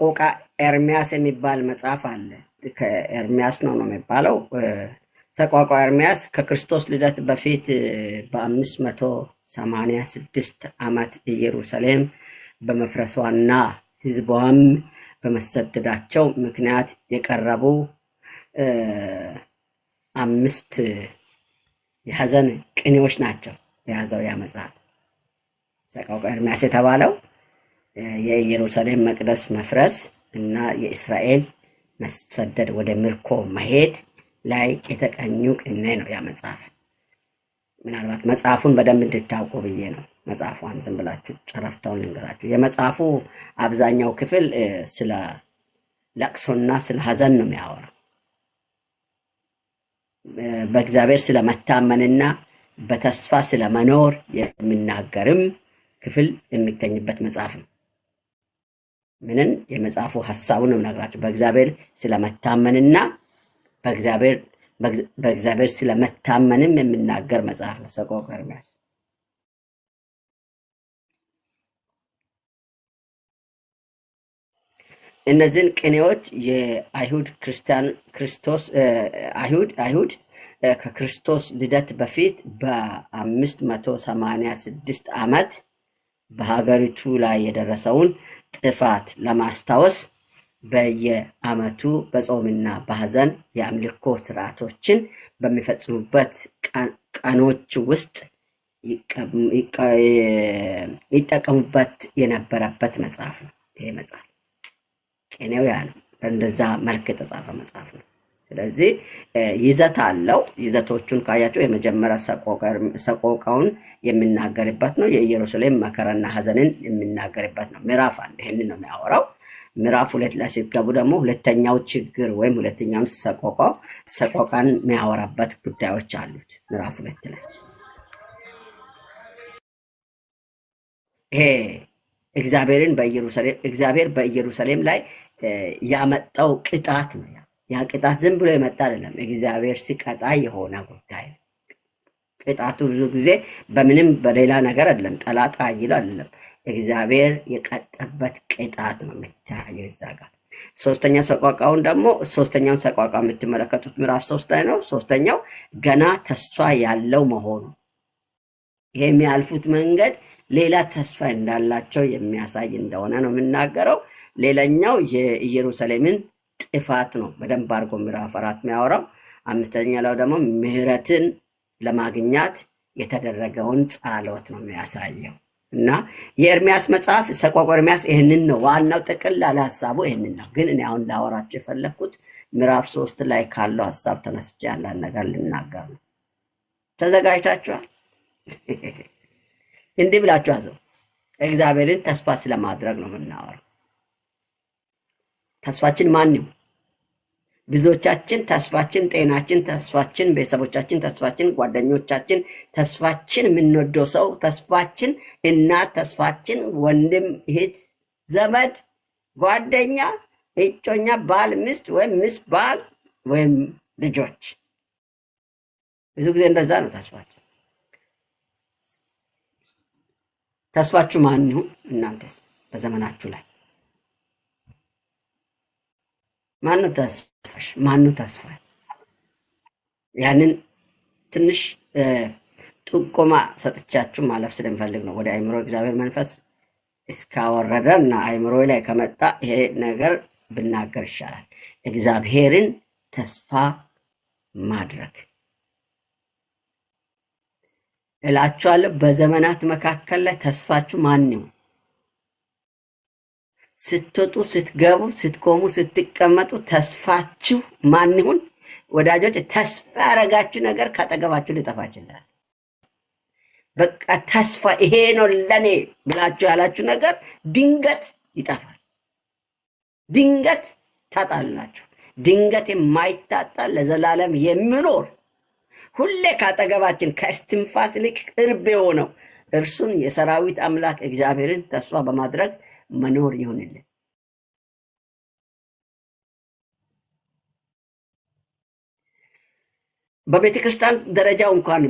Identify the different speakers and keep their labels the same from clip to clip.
Speaker 1: ቆቃ ኤርሚያስ የሚባል መጽሐፍ አለ። ከኤርሚያስ ነው ነው የሚባለው። ሰቆቃወ ኤርሚያስ ከክርስቶስ ልደት በፊት በአምስት መቶ ሰማንያ ስድስት ዓመት ኢየሩሳሌም በመፍረሷና ህዝቧም በመሰደዳቸው ምክንያት የቀረቡ አምስት የሐዘን ቅኔዎች ናቸው የያዘው ያ መጽሐፍ ሰቆቃወ ኤርሚያስ የተባለው የኢየሩሳሌም መቅደስ መፍረስ እና የእስራኤል መሰደድ ወደ ምርኮ መሄድ ላይ የተቀኙ ቅኔ ነው ያ መጽሐፍ። ምናልባት መጽሐፉን በደንብ እንድታውቁ ብዬ ነው። መጽሐፏን ዝም ብላችሁ ጨረፍታውን ልንገራችሁ። የመጽሐፉ አብዛኛው ክፍል ስለ ለቅሶና ስለ ሀዘን ነው የሚያወራው። በእግዚአብሔር ስለ መታመንና በተስፋ ስለ መኖር የሚናገርም ክፍል የሚገኝበት መጽሐፍ ነው። ምንን የመጽሐፉ ሀሳቡን የምነግራቸው በእግዚአብሔር ስለመታመንና በእግዚአብሔር ስለመታመንም የሚናገር መጽሐፍ ነው ሰቆቃ ኤርምያስ። እነዚህን ቅኔዎች የአይሁድ ክርስቲያን ክርስቶስ አይሁድ አይሁድ ከክርስቶስ ልደት በፊት በአምስት መቶ ሰማኒያ ስድስት ዓመት በሀገሪቱ ላይ የደረሰውን ጥፋት ለማስታወስ በየዓመቱ በጾምና በሐዘን የአምልኮ ስርዓቶችን በሚፈጽሙበት ቀኖች ውስጥ ይጠቀሙበት የነበረበት መጽሐፍ ነው። ይሄ መጽሐፍ ቄኔው ነው። በእንደዛ መልክ የተጻፈ መጽሐፍ ነው። ስለዚህ ይዘት አለው። ይዘቶቹን ካያቸው የመጀመሪያ ሰቆቃውን የሚናገርበት ነው። የኢየሩሳሌም መከራና ሀዘንን የሚናገርበት ነው። ምዕራፍ አንድ ይህን ነው የሚያወራው። ምዕራፍ ሁለት ላይ ሲገቡ ደግሞ ሁለተኛው ችግር ወይም ሁለተኛው ሰቆቃው ሰቆቃን የሚያወራበት ጉዳዮች አሉት። ምዕራፍ ሁለት ላይ ይሄ እግዚአብሔርን በኢየሩሳሌም እግዚአብሔር በኢየሩሳሌም ላይ ያመጣው ቅጣት ነው ያ ቅጣት ዝም ብሎ የመጣ አይደለም። እግዚአብሔር ሲቀጣ የሆነ ጉዳይ ነው። ቅጣቱ ብዙ ጊዜ በምንም በሌላ ነገር አይደለም። ጠላጣ አይል አይደለም። እግዚአብሔር የቀጠበት ቅጣት ነው የሚታየው እዛ ጋር። ሶስተኛ ሰቋቃውን ደግሞ ሶስተኛውን ሰቋቃ የምትመለከቱት ምዕራፍ ሶስት ላይ ነው። ሶስተኛው ገና ተስፋ ያለው መሆኑ ይሄ የሚያልፉት መንገድ ሌላ ተስፋ እንዳላቸው የሚያሳይ እንደሆነ ነው የምናገረው። ሌላኛው የኢየሩሳሌምን ጥፋት ነው በደንብ አድርጎ ምዕራፍ አራት የሚያወራው። አምስተኛ ላው ደግሞ ምህረትን ለማግኛት የተደረገውን ጸሎት ነው የሚያሳየው እና የኤርሚያስ መጽሐፍ ሰቆቃወ ኤርሚያስ ይህንን ነው ዋናው ጥቅል ላለ ሀሳቡ ይህንን ነው። ግን እኔ አሁን ላወራቸው የፈለግኩት ምዕራፍ ሶስት ላይ ካለው ሀሳብ ተነስቼ ያላን ነገር ልናገር ነው። ተዘጋጅታችኋል? እንዲህ ብላችሁ አዘው። እግዚአብሔርን ተስፋ ስለማድረግ ነው የምናወራው። ተስፋችን ማን ይሁን? ብዙዎቻችን ተስፋችን፣ ጤናችን ተስፋችን፣ ቤተሰቦቻችን ተስፋችን፣ ጓደኞቻችን ተስፋችን፣ የምንወደው ሰው ተስፋችን፣ እናት ተስፋችን፣ ወንድም፣ እህት፣ ዘመድ፣ ጓደኛ፣ እጮኛ፣ ባል፣ ሚስት ወይም ሚስት ባል ወይም ልጆች። ብዙ ጊዜ እንደዛ ነው ተስፋችን። ተስፋችሁ ማን ይሁን? እናንተስ በዘመናችሁ ላይ ማን ነው ተስፋ ተስፋሽ ማኑ ተስፋ ያንን ትንሽ ጥቆማ ሰጥቻችሁ ማለፍ ስለሚፈልግ ነው። ወደ አይምሮ እግዚአብሔር መንፈስ እስካወረደ እና አይምሮ ላይ ከመጣ ይሄ ነገር ብናገር ይሻላል። እግዚአብሔርን ተስፋ ማድረግ እላችኋለሁ። በዘመናት መካከል ላይ ተስፋችሁ ማን ነው? ስትወጡ፣ ስትገቡ፣ ስትቆሙ፣ ስትቀመጡ ተስፋችሁ ማን ይሁን? ወዳጆች ተስፋ ያረጋችሁ ነገር ካጠገባችሁ ሊጠፋ ይችላል። በቃ ተስፋ ይሄ ነው ለኔ ብላችሁ ያላችሁ ነገር ድንገት ይጠፋል። ድንገት ታጣላችሁ። ድንገት የማይታጣ ለዘላለም የሚኖር ሁሌ ካጠገባችን ከእስትንፋስ ይልቅ ቅርብ የሆነው እርሱን የሰራዊት አምላክ እግዚአብሔርን ተስፋ በማድረግ መኖር ይሆንልን። በቤተ ክርስቲያን ደረጃ እንኳን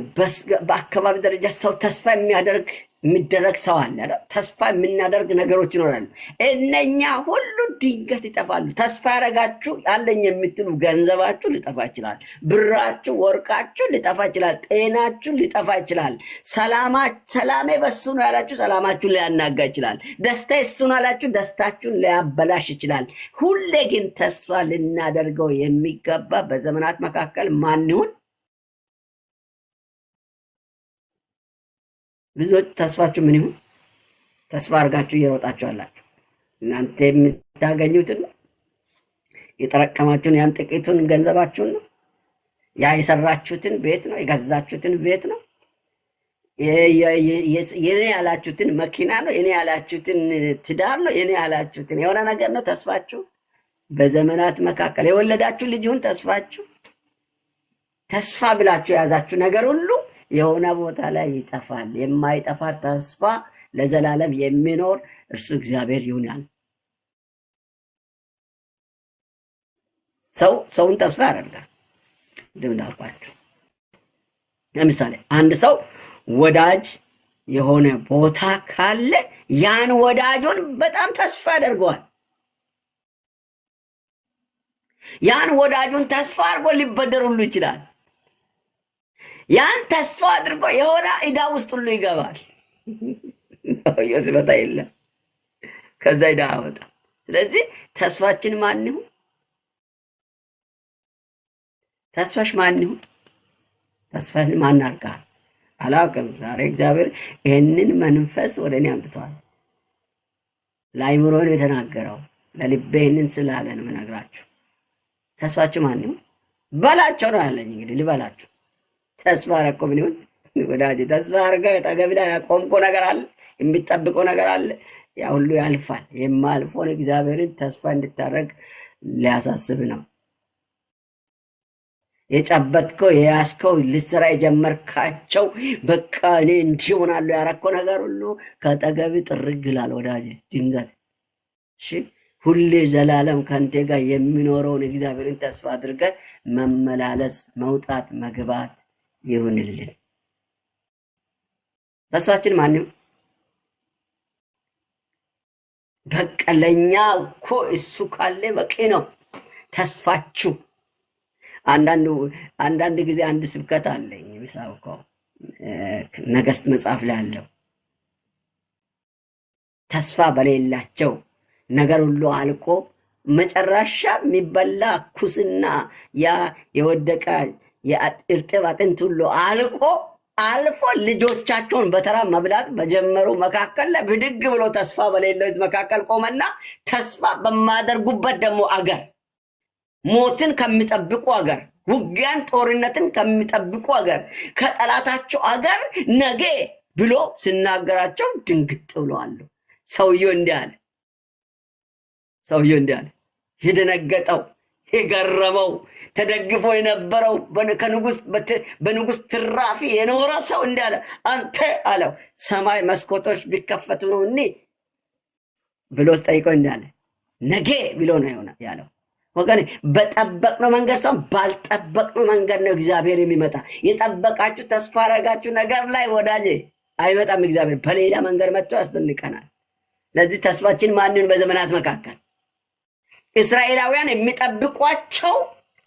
Speaker 1: በአካባቢ ደረጃ ሰው ተስፋ የሚያደርግ የሚደረግ ሰው አለ። ተስፋ የምናደርግ ነገሮች ይኖራል። እነኛ ሁሉ ድንገት ይጠፋሉ። ተስፋ ያደረጋችሁ አለኝ የምትሉ ገንዘባችሁ ሊጠፋ ይችላል። ብራችሁ፣ ወርቃችሁ ሊጠፋ ይችላል። ጤናችሁ ሊጠፋ ይችላል። ሰላሜ በሱ ነው ያላችሁ ሰላማችሁን ሊያናጋ ይችላል። ደስታ የሱ ነው ያላችሁ ደስታችሁን ሊያበላሽ ይችላል። ሁሌ ግን ተስፋ ልናደርገው የሚገባ በዘመናት መካከል ማን ይሁን ብዙዎች ተስፋችሁ ምን ይሁን? ተስፋ አድርጋችሁ እየሮጣችሁ አላችሁ። እናንተ የምታገኙትን የጠረቀማችሁን ያን ጥቂቱን ገንዘባችሁን ነው። ያ የሰራችሁትን ቤት ነው፣ የገዛችሁትን ቤት ነው፣ የኔ ያላችሁትን መኪና ነው፣ የኔ ያላችሁትን ትዳር ነው፣ የኔ ያላችሁትን የሆነ ነገር ነው ተስፋችሁ። በዘመናት መካከል የወለዳችሁ ልጅሁን ተስፋችሁ፣ ተስፋ ብላችሁ የያዛችሁ ነገር ሁሉ የሆነ ቦታ ላይ ይጠፋል። የማይጠፋ ተስፋ ለዘላለም የሚኖር እርሱ እግዚአብሔር ይሆናል። ሰው ሰውን ተስፋ ያደርጋል። እንደምን እንዳልኳቸው ለምሳሌ አንድ ሰው ወዳጅ የሆነ ቦታ ካለ ያን ወዳጁን በጣም ተስፋ ያደርገዋል። ያን ወዳጁን ተስፋ አድርጎ ሊበደር ሁሉ ይችላል። ያን ተስፋ አድርጎ የሆነ ዕዳ ውስጥ ሁሉ ይገባል። ስበታ የለም ከዛ ዕዳ አወጣ። ስለዚህ ተስፋችን ማን ይሁን? ተስፋሽ ማን ይሁን? ተስፋን ማን አድርገሃል? አላውቅም። ዛሬ እግዚአብሔር ይህንን መንፈስ ወደ እኔ አምጥቷል። ለአይምሮ የተናገረው። ለልቤ ይህንን ስላለ ነው የምነግራችሁ። ተስፋችሁ ማን ይሁን በላቸው ነው ያለኝ። እንግዲህ ልበላችሁ ተስፋ ረኮ ምን ይሁን ወዳጅ፣ ተስፋ አርገ ጠገብ ላይ ያቆምኮ ነገር አለ፣ የሚጠብቆ ነገር አለ። ያ ሁሉ ያልፋል። የማልፎን እግዚአብሔርን ተስፋ እንድታደረግ ሊያሳስብ ነው። የጨበጥከው የያዝከው ልስራ የጀመርካቸው በቃ እኔ እንዲህ እሆናለሁ ያረከው ነገር ሁሉ ከጠገብ ጥርግ ይላል ወዳጅ። ድንገት እሺ፣ ሁሌ ዘላለም ከንቴ ጋር የሚኖረውን እግዚአብሔርን ተስፋ አድርገ መመላለስ፣ መውጣት፣ መግባት ይሁንልን። ተስፋችን ማንም በቃ ለእኛ እኮ እሱ ካለ በቂ ነው። ተስፋችሁ አንዳንድ ጊዜ አንድ ስብከት አለኝ የሚሰብከው ነገስት መጽሐፍ ላይ አለው። ተስፋ በሌላቸው ነገር ሁሉ አልቆ መጨረሻ የሚበላ ኩስና ያ የወደቀ የእርጥብ አጥንት ሁሉ አልቆ አልፎ ልጆቻቸውን በተራ መብላት በጀመሩ መካከል ላይ ብድግ ብሎ ተስፋ በሌለው መካከል ቆመና ተስፋ በማደርጉበት ደግሞ አገር ሞትን ከሚጠብቁ አገር ውጊያን፣ ጦርነትን ከሚጠብቁ አገር ከጠላታቸው አገር ነገ ብሎ ሲናገራቸው ድንግጥ ብሎ ሰውዬው እንዲህ አለ። ሰውዬው እንዲህ አለ። የደነገጠው የገረመው ተደግፎ የነበረው በንጉስ ትራፊ የኖረ ሰው እንዳለ አንተ አለው ሰማይ መስኮቶች ቢከፈቱ ነው እኒ ብሎ ስጠይቀው እንዳለ ነጌ ብሎ ነው ያለው። ወገን በጠበቅነው መንገድ ሰው ባልጠበቅነው መንገድ ነው እግዚአብሔር የሚመጣ። የጠበቃችሁ ተስፋ አረጋችሁ ነገር ላይ ወዳጅ አይመጣም። እግዚአብሔር በሌላ መንገድ መጥቶ ያስደንቀናል። ለዚህ ተስፋችን ማንን በዘመናት መካከል እስራኤላውያን የሚጠብቋቸው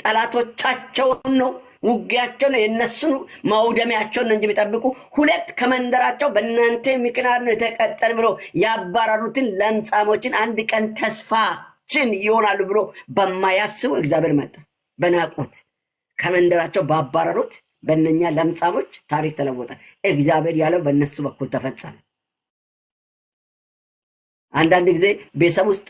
Speaker 1: ጠላቶቻቸውን ነው። ውጊያቸውን የእነሱን ማውደሚያቸውን ነው እንጂ የሚጠብቁ ሁለት ከመንደራቸው በእናንተ ምክንያት ነው የተቀጠል ብሎ ያባረሩትን ለምጻሞችን አንድ ቀን ተስፋችን ይሆናሉ ብሎ በማያስቡ እግዚአብሔር መጣ። በናቁት ከመንደራቸው ባባረሩት በእነኛ ለምጻሞች ታሪክ ተለወጠ። እግዚአብሔር ያለው በእነሱ በኩል ተፈጸመ። አንዳንድ ጊዜ ቤተሰብ ውስጥ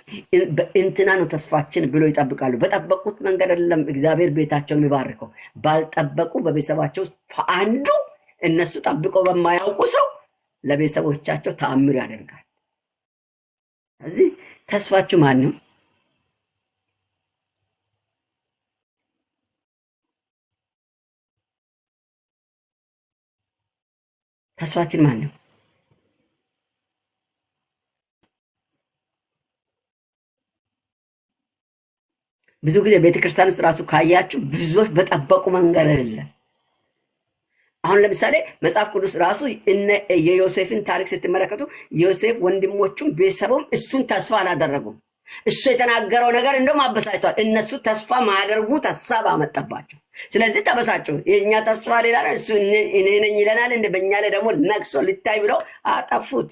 Speaker 1: እንትና ነው ተስፋችን ብሎ ይጠብቃሉ። በጠበቁት መንገድ አይደለም እግዚአብሔር ቤታቸውን የሚባርከው። ባልጠበቁ በቤተሰባቸው ውስጥ አንዱ እነሱ ጠብቀው በማያውቁ ሰው ለቤተሰቦቻቸው ተአምር ያደርጋል። እዚህ ተስፋችሁ ማን ነው? ተስፋችን ማን ነው? ብዙ ጊዜ ቤተክርስቲያን ውስጥ ራሱ ካያችሁ ብዙዎች በጠበቁ መንገድ አይደለም። አሁን ለምሳሌ መጽሐፍ ቅዱስ ራሱ የዮሴፍን ታሪክ ስትመለከቱ ዮሴፍ ወንድሞቹም ቤተሰቡም እሱን ተስፋ አላደረጉም። እሱ የተናገረው ነገር እንደውም አበሳጭቷል። እነሱ ተስፋ ማያደርጉት ሀሳብ አመጣባቸው። ስለዚህ ተበሳጩ። የእኛ ተስፋ ሌላ ነው፣ እሱ እኔ ነኝ ይለናል፣ በእኛ ላይ ደግሞ ነግሶ ልታይ ብለው አጠፉት።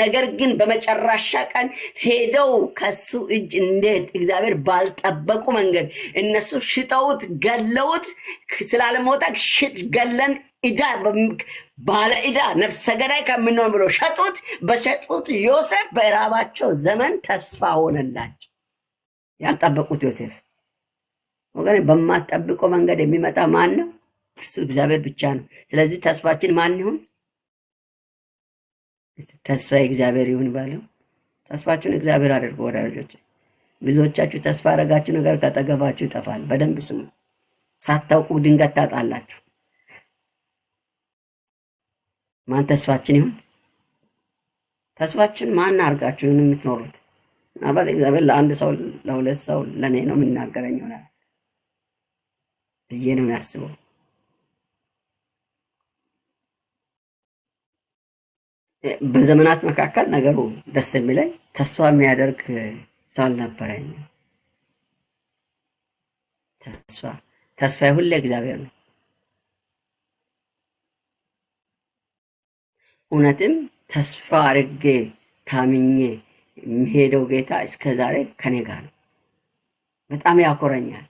Speaker 1: ነገር ግን በመጨረሻ ቀን ሄደው ከሱ እጅ እንዴት እግዚአብሔር ባልጠበቁ መንገድ እነሱ ሽጠውት ገለውት ስላለመውጣ ሽጥ ገለን ዕዳ ባለ ነፍሰ ገዳይ ከምንሆን ብሎ ሸጡት። በሸጡት ዮሴፍ በእራባቸው ዘመን ተስፋ ሆነላቸው። ያልጠበቁት ዮሴፍ ወገን፣ በማጠብቆ መንገድ የሚመጣ ማን ነው? እርሱ እግዚአብሔር ብቻ ነው። ስለዚህ ተስፋችን ማን ይሁን? ተስፋ እግዚአብሔር ይሁን ባለው ተስፋችሁን እግዚአብሔር አድርጎ ወዳጆች። ብዙዎቻችሁ ተስፋ ያደረጋችሁ ነገር ከጠገባችሁ ይጠፋል። በደንብ ስሙ። ሳታውቁ ድንገት ታጣላችሁ። ማን ተስፋችን ይሁን? ተስፋችን ማን አድርጋችሁ የምትኖሩት? ምናልባት እግዚአብሔር ለአንድ ሰው ለሁለት ሰው ለእኔ ነው የምናገረኝ ይሆናል ብዬ ነው ያስበው። በዘመናት መካከል ነገሩ ደስ የሚለኝ ተስፋ የሚያደርግ ሰው አልነበረኝ። ተስፋ ተስፋ ሁሌ እግዚአብሔር ነው። እውነትም ተስፋ አድርጌ ታምኜ የሚሄደው ጌታ እስከ ዛሬ ከኔ ጋር ነው። በጣም ያኮረኛል።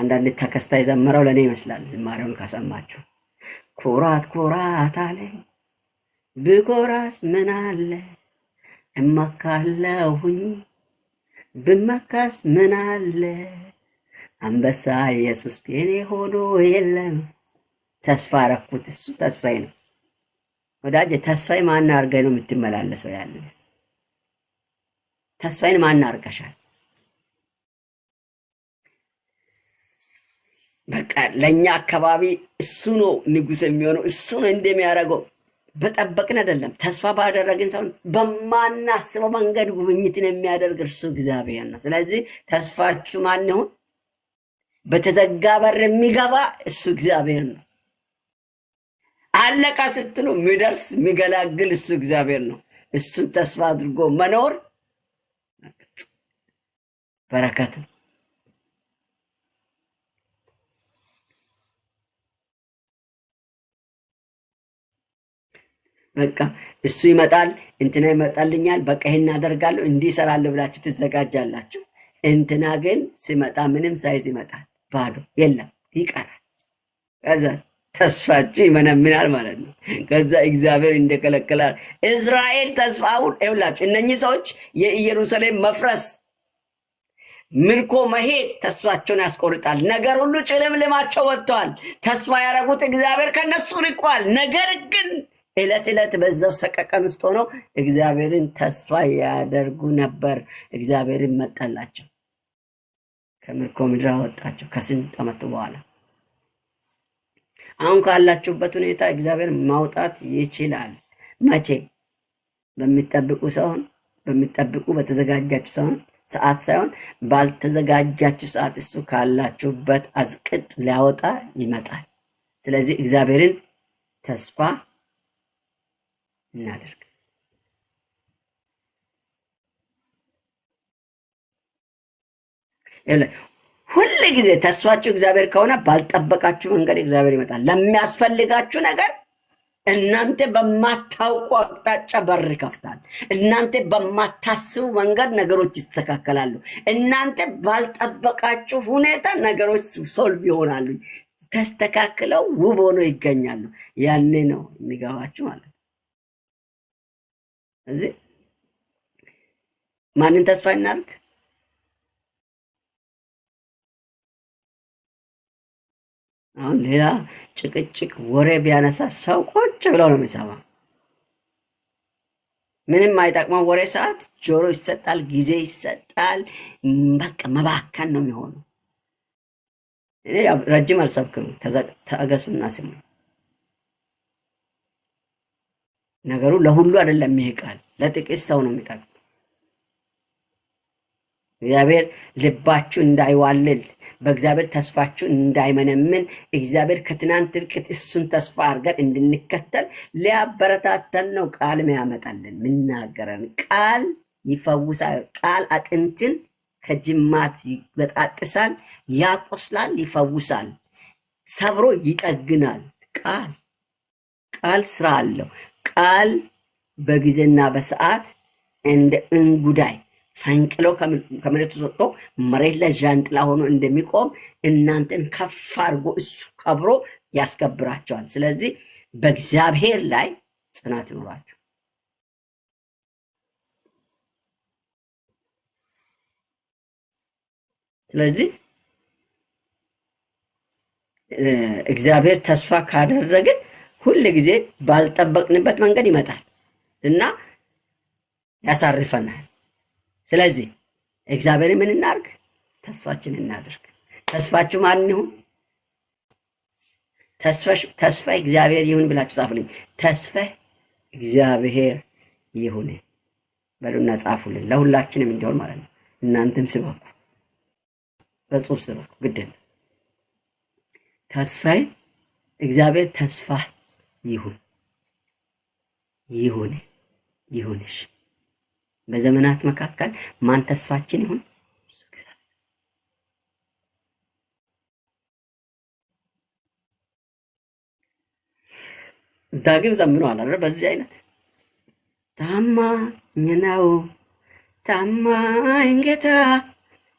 Speaker 1: አንዳንድ ተከስታ የዘመረው ለእኔ ይመስላል። ዝማሬውን ከሰማችሁ ኩራት ኩራት አለኝ ብኮራስ ምናለ እመካለሁኝ ብመካስ ምናለ አንበሳ ኢየሱስ የኔ ሆኖ የለም። ተስፋ ረኩት። እሱ ተስፋዬ ነው ወዳጅ። ተስፋዬ ማን አድርገህ ነው የምትመላለሰው? ያለ ተስፋዬን ማን አርገሻል? በቃ ለእኛ አካባቢ እሱ ነው ንጉስ የሚሆነው እሱ ነው እንደሚያደርገው በጠበቅን አይደለም፣ ተስፋ ባደረግን ሰውን በማናስበው መንገድ ጉብኝትን የሚያደርግ እርሱ እግዚአብሔር ነው። ስለዚህ ተስፋችሁ ማን ይሁን? በተዘጋ በር የሚገባ እሱ እግዚአብሔር ነው። አለቃ ስትሉ የሚደርስ የሚገላግል እሱ እግዚአብሔር ነው። እሱን ተስፋ አድርጎ መኖር በረከት ነው። በቃ እሱ ይመጣል፣ እንትና ይመጣልኛል፣ በቃ ይህን አደርጋለሁ፣ እንዲህ እሰራለሁ ብላችሁ ትዘጋጃላችሁ። እንትና ግን ሲመጣ ምንም ሳይዝ ይመጣል፣ ባዶ የለም፣ ይቀራል። ከዛ ተስፋችሁ ይመነምናል ማለት ነው። ከዛ እግዚአብሔር እንደከለከላል እስራኤል ተስፋውን ይውላችሁ። እነኚህ ሰዎች የኢየሩሳሌም መፍረስ ምርኮ መሄድ ተስፋቸውን ያስቆርጣል። ነገር ሁሉ ጭልምልማቸው ወጥተዋል። ተስፋ ያደረጉት እግዚአብሔር ከነሱ ርቋል። ነገር ግን ዕለት ዕለት በዛው ሰቀቀን ውስጥ ሆነው እግዚአብሔርን ተስፋ ያደርጉ ነበር። እግዚአብሔርን መጣላቸው፣ ከምርኮ ምድር አወጣቸው ከስንት ዓመት በኋላ። አሁን ካላችሁበት ሁኔታ እግዚአብሔር ማውጣት ይችላል። መቼ? በሚጠብቁ ሳይሆን በሚጠብቁ በተዘጋጃችሁ ሰውን ሰዓት ሳይሆን ባልተዘጋጃችሁ ሰዓት እሱ ካላችሁበት አዝቅጥ ሊያወጣ ይመጣል። ስለዚህ እግዚአብሔርን ተስፋ እናድርግ። ሁል ጊዜ ተስፋችሁ እግዚአብሔር ከሆነ ባልጠበቃችሁ መንገድ እግዚአብሔር ይመጣል። ለሚያስፈልጋችሁ ነገር እናንተ በማታውቁ አቅጣጫ በር ይከፍታል። እናንተ በማታስቡ መንገድ ነገሮች ይስተካከላሉ። እናንተ ባልጠበቃችሁ ሁኔታ ነገሮች ሶልቭ ይሆናሉ፣ ተስተካክለው ውብ ሆኖ ይገኛሉ። ያኔ ነው የሚገባችሁ ማለት ነው። እዚህ ማንን ተስፋ እናድርግ? አሁን ሌላ ጭቅጭቅ ወሬ ቢያነሳ ሰው ቁጭ ብለው ነው የሚሰማው። ምንም አይጠቅመው ወሬ ሰዓት ጆሮ ይሰጣል፣ ጊዜ ይሰጣል። በቃ መባከን ነው የሚሆነው። እኔ ረጅም አልሰብክም። ተገሱና ስሙኝ። ነገሩ ለሁሉ አይደለም። ይሄ ቃል ለጥቂት ሰው ነው የሚጠቅም። እግዚአብሔር ልባችሁ እንዳይዋልል፣ በእግዚአብሔር ተስፋችሁ እንዳይመነምን፣ እግዚአብሔር ከትናንት እርቅት እሱን ተስፋ አድርገን እንድንከተል ሊያበረታተን ነው። ቃል ያመጣልን ምናገረን ቃል ይፈውሳል። ቃል አጥንትን ከጅማት ይበጣጥሳል፣ ያቆስላል፣ ይፈውሳል፣ ሰብሮ ይጠግናል ቃል ቃል ስራ አለው። ቃል በጊዜና በሰዓት እንደ እንጉዳይ ፈንቅሎ ከመሬቱ ወጥቶ መሬት ላይ ዣንጥላ ሆኖ እንደሚቆም እናንተን ከፍ አድርጎ እሱ ከብሮ ያስከብራቸዋል። ስለዚህ በእግዚአብሔር ላይ ጽናት ይኑራቸው። ስለዚህ እግዚአብሔር ተስፋ ካደረግን ሁል ጊዜ ባልጠበቅንበት መንገድ ይመጣል እና ያሳርፈናል። ስለዚህ እግዚአብሔር ምን እናርግ? ተስፋችን እናድርግ። ተስፋችሁ ማን ይሁን? ተስፋ እግዚአብሔር ይሁን ብላችሁ ጻፉልኝ። ተስፋ እግዚአብሔር ይሁን በሉና ጻፉልን። ለሁላችንም እንዲሆን ማለት ነው። እናንተም ስበኩ፣ በጽሁፍ ስበኩ ግድ ተስፋ እግዚአብሔር ተስፋ ይሁን ይሁን ይሁንሽ። በዘመናት መካከል ማን ተስፋችን ይሁን? ዳግም ዘምኖ አላረ በዚህ አይነት ታማኝ ነው ታማኝ ጌታ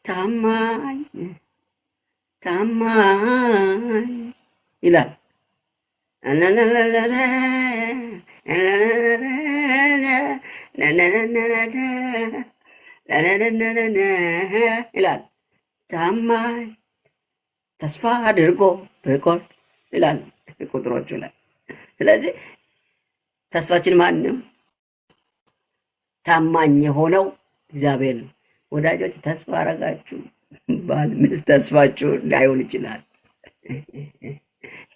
Speaker 1: ታማኝ ታማኝ ይላል። ይላል። ታማኝ ተስፋ አድርጎ ብቆር ይላል ቁጥሮቹ ላይ። ስለዚህ ተስፋችን ማንም ታማኝ የሆነው እግዚአብሔር ነው። ወዳጆች ተስፋ አረጋችሁ፣ ባል ሚስት ተስፋችሁ ላይሆን ይችላል።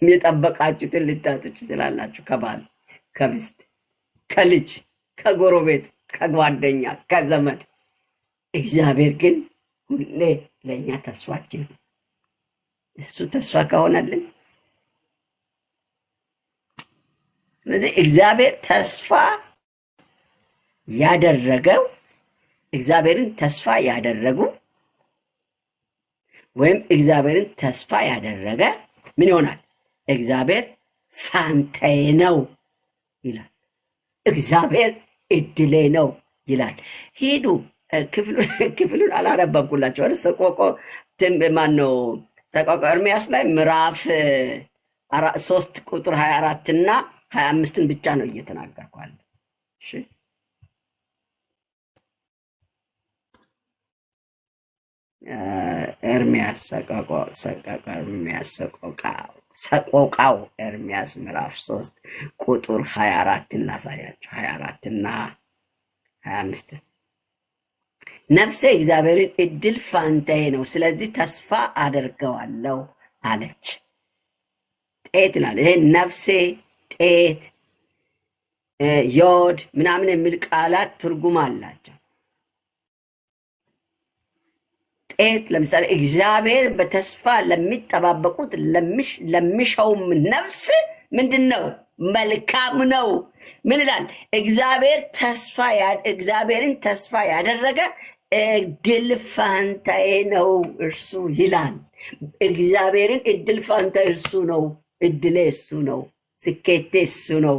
Speaker 1: የጠበቃችሁትን ልታጡ ትችላላችሁ። ከባል፣ ከሚስት፣ ከልጅ፣ ከጎረቤት፣ ከጓደኛ፣ ከዘመድ። እግዚአብሔር ግን ሁሌ ለእኛ ተስፋችን እሱ ተስፋ ከሆነልን ስለዚህ እግዚአብሔር ተስፋ ያደረገው እግዚአብሔርን ተስፋ ያደረጉ ወይም እግዚአብሔርን ተስፋ ያደረገ ምን ይሆናል? እግዚአብሔር ፋንታዬ ነው ይላል። እግዚአብሔር እድሌ ነው ይላል። ሂዱ ክፍሉን አላነበብኩላቸው። ሰቆቆ ማን ነው? ሰቆቆ ኤርምያስ ላይ ምዕራፍ ሶስት ቁጥር ሀያ አራትና ሀያ አምስትን ብቻ ነው እየተናገርኳል። ኤርሚያስ ሰቆቃው ኤርሚያስ ምዕራፍ ሶስት ቁጥር ሀያ አራትን ላሳያቸው ሀያ አራትና ሀያ አምስት ነፍሴ እግዚአብሔርን እድል ፋንታዬ ነው፣ ስለዚህ ተስፋ አደርገዋለሁ አለች። ጤት ናል ይሄ ነፍሴ ጤት ዮድ ምናምን የሚል ቃላት ትርጉም አላቸው። ጤት ለምሳሌ እግዚአብሔር በተስፋ ለሚጠባበቁት ለሚሸውም ነፍስ ምንድን ነው? መልካም ነው። ምን ይላል? እግዚአብሔር ተስፋ እግዚአብሔርን ተስፋ ያደረገ እድል ፋንታዬ ነው እርሱ ይላል። እግዚአብሔርን እድል ፋንታ እርሱ ነው፣ እድሌ እሱ ነው፣ ስኬቴ እሱ ነው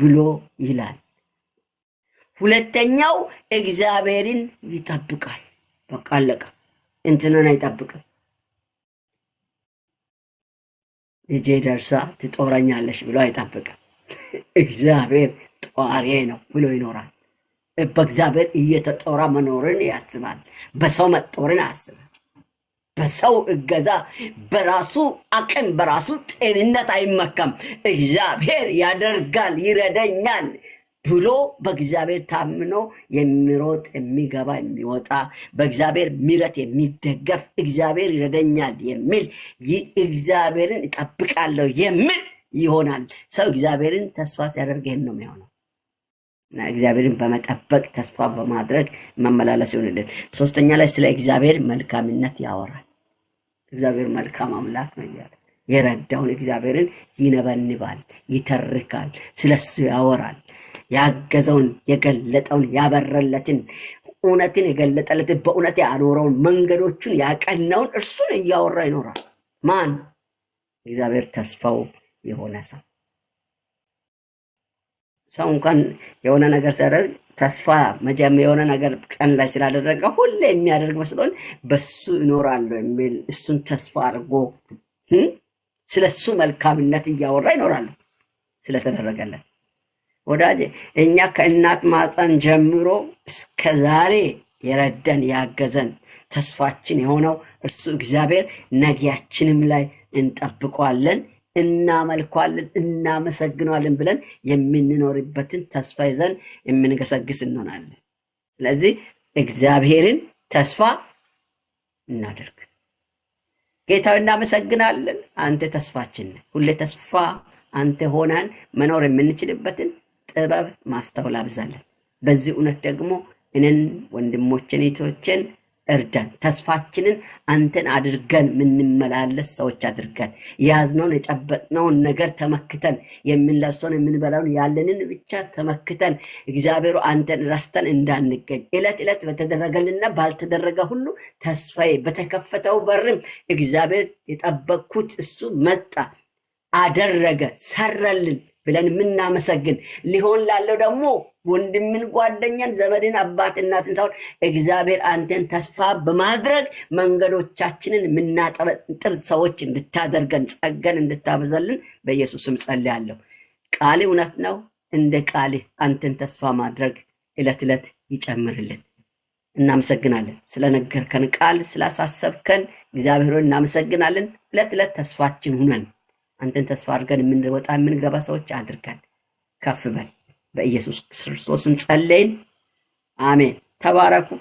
Speaker 1: ብሎ ይላል። ሁለተኛው እግዚአብሔርን ይጠብቃል። በቃ አለቀ። እንትንን አይጠብቅም። ልጄ ደርሳ ትጦረኛለሽ ብሎ አይጠብቅም። እግዚአብሔር ጧሪ ነው ብሎ ይኖራል። በእግዚአብሔር እየተጦራ መኖርን ያስባል። በሰው መጦርን አያስባል በሰው እገዛ፣ በራሱ አቅም፣ በራሱ ጤንነት አይመካም። እግዚአብሔር ያደርጋል፣ ይረደኛል ብሎ በእግዚአብሔር ታምኖ የሚሮጥ የሚገባ የሚወጣ በእግዚአብሔር ምረት የሚደገፍ እግዚአብሔር ይረደኛል የሚል እግዚአብሔርን እጠብቃለሁ የሚል ይሆናል። ሰው እግዚአብሔርን ተስፋ ሲያደርግ ይህን ነው የሚሆነው። እግዚአብሔርን በመጠበቅ ተስፋ በማድረግ መመላለስ ይሆንልን። ሶስተኛ ላይ ስለ እግዚአብሔር መልካምነት ያወራል። እግዚአብሔር መልካም አምላክ ነው እያለ የረዳውን እግዚአብሔርን ይነበንባል፣ ይተርካል፣ ስለሱ ያወራል። ያገዘውን የገለጠውን ያበረለትን እውነትን የገለጠለትን በእውነት ያኖረውን መንገዶቹን ያቀናውን እርሱን እያወራ ይኖራል። ማን እግዚአብሔር ተስፋው የሆነ ሰው ሰው እንኳን የሆነ ነገር ሲያደርግ ተስፋ መጀመሪያ የሆነ ነገር ቀን ላይ ስላደረገ ሁሌ የሚያደርግ መስሎን በሱ እኖራለሁ የሚል እሱን ተስፋ አድርጎ ስለ እሱ መልካምነት እያወራ ይኖራሉ ስለተደረገለት ወዳጅ እኛ ከእናት ማፀን ጀምሮ እስከ ዛሬ የረደን ያገዘን ተስፋችን የሆነው እርሱ እግዚአብሔር ነጊያችንም ላይ እንጠብቋለን እናመልኳለን፣ እናመሰግነዋለን ብለን የምንኖርበትን ተስፋ ይዘን የምንገሰግስ እንሆናለን። ስለዚህ እግዚአብሔርን ተስፋ እናደርግ። ጌታዊ እናመሰግናለን። አንተ ተስፋችን፣ ሁሌ ተስፋ አንተ ሆነን መኖር የምንችልበትን ጥበብ ማስተውል አብዛለን። በዚህ እውነት ደግሞ እኔን ወንድሞችን ቶችን እርዳን። ተስፋችንን አንተን አድርገን የምንመላለስ ሰዎች አድርገን የያዝነውን የጨበጥነውን ነገር ተመክተን የምንለብሰውን የምንበላውን ያለንን ብቻ ተመክተን እግዚአብሔሩ አንተን ረስተን እንዳንገኝ ዕለት ዕለት በተደረገልንና ባልተደረገ ሁሉ ተስፋዬ በተከፈተው በርም እግዚአብሔር የጠበቅኩት እሱ መጣ፣ አደረገ፣ ሰራልን ብለን የምናመሰግን ሊሆን ላለው ደግሞ ወንድምን፣ ጓደኛን፣ ዘመድን፣ አባት እናትን ሳይሆን እግዚአብሔር አንተን ተስፋ በማድረግ መንገዶቻችንን የምናጠበጥብ ሰዎች እንድታደርገን ጸገን እንድታበዛልን በኢየሱስም ጸልያለሁ። ቃል እውነት ነው። እንደ ቃል አንተን ተስፋ ማድረግ እለት እለት ይጨምርልን። እናመሰግናለን ስለነገርከን ቃል ስላሳሰብከን እግዚአብሔር እናመሰግናለን። እለት እለት ተስፋችን ሁነን አንተን ተስፋ አድርገን የምንወጣ የምንገባ ሰዎች አድርገን ከፍ በል። በኢየሱስ ክርስቶስም ጸለይን። አሜን። ተባረኩ።